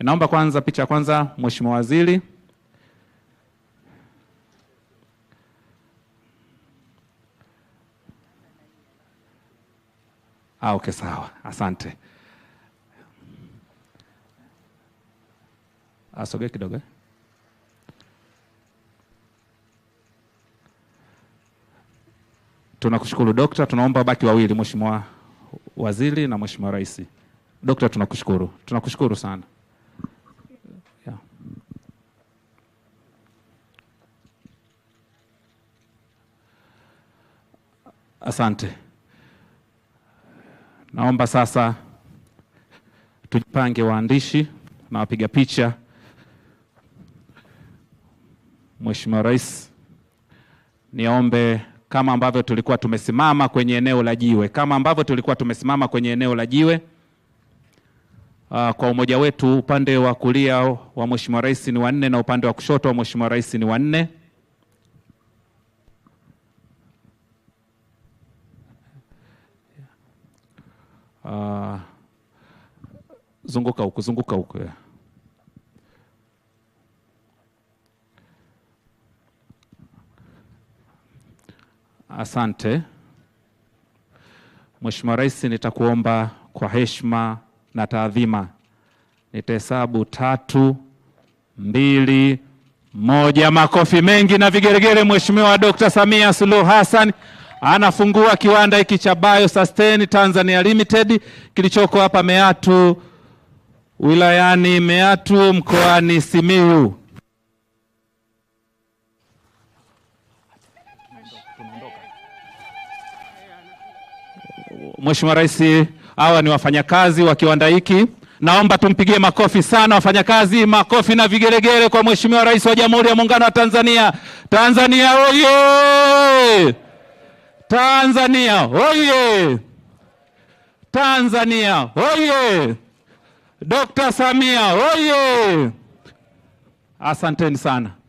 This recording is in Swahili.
Naomba kwanza picha ya kwanza, Mheshimiwa Waziri. Ah, okay, sawa, asante. Asogee ah, kidogo. Eh. Tunakushukuru Dokta, tunaomba baki wawili, Mheshimiwa Waziri na Mheshimiwa Rais. Dokta, tunakushukuru, tunakushukuru sana. Asante. Naomba sasa tujipange, waandishi na wapiga picha. Mheshimiwa Rais, niombe kama ambavyo tulikuwa tumesimama kwenye eneo la jiwe, kama ambavyo tulikuwa tumesimama kwenye eneo la jiwe. Uh, kwa umoja wetu, upande wa kulia wa Mheshimiwa Rais ni wanne na upande wa kushoto wa Mheshimiwa Rais ni wanne. uh, zunguka huku zunguka huku yeah. Asante Mheshimiwa Rais, nitakuomba kwa heshima na taadhima, nitahesabu tatu, mbili, moja. Makofi mengi na vigeregere, Mheshimiwa Dr. Samia Suluhu Hassan anafungua kiwanda hiki cha Bio Sustain Tanzania Limited kilichoko hapa Meatu wilayani Meatu mkoani Simiyu. Mheshimiwa Rais, hawa ni wafanyakazi wa kiwanda hiki. Naomba tumpigie makofi sana wafanyakazi, makofi na vigelegele kwa Mheshimiwa Rais wa Jamhuri ya Muungano wa Tanzania. Tanzania oye! Tanzania oye! Tanzania oye! Dkt. Samia oye! Asanteni sana.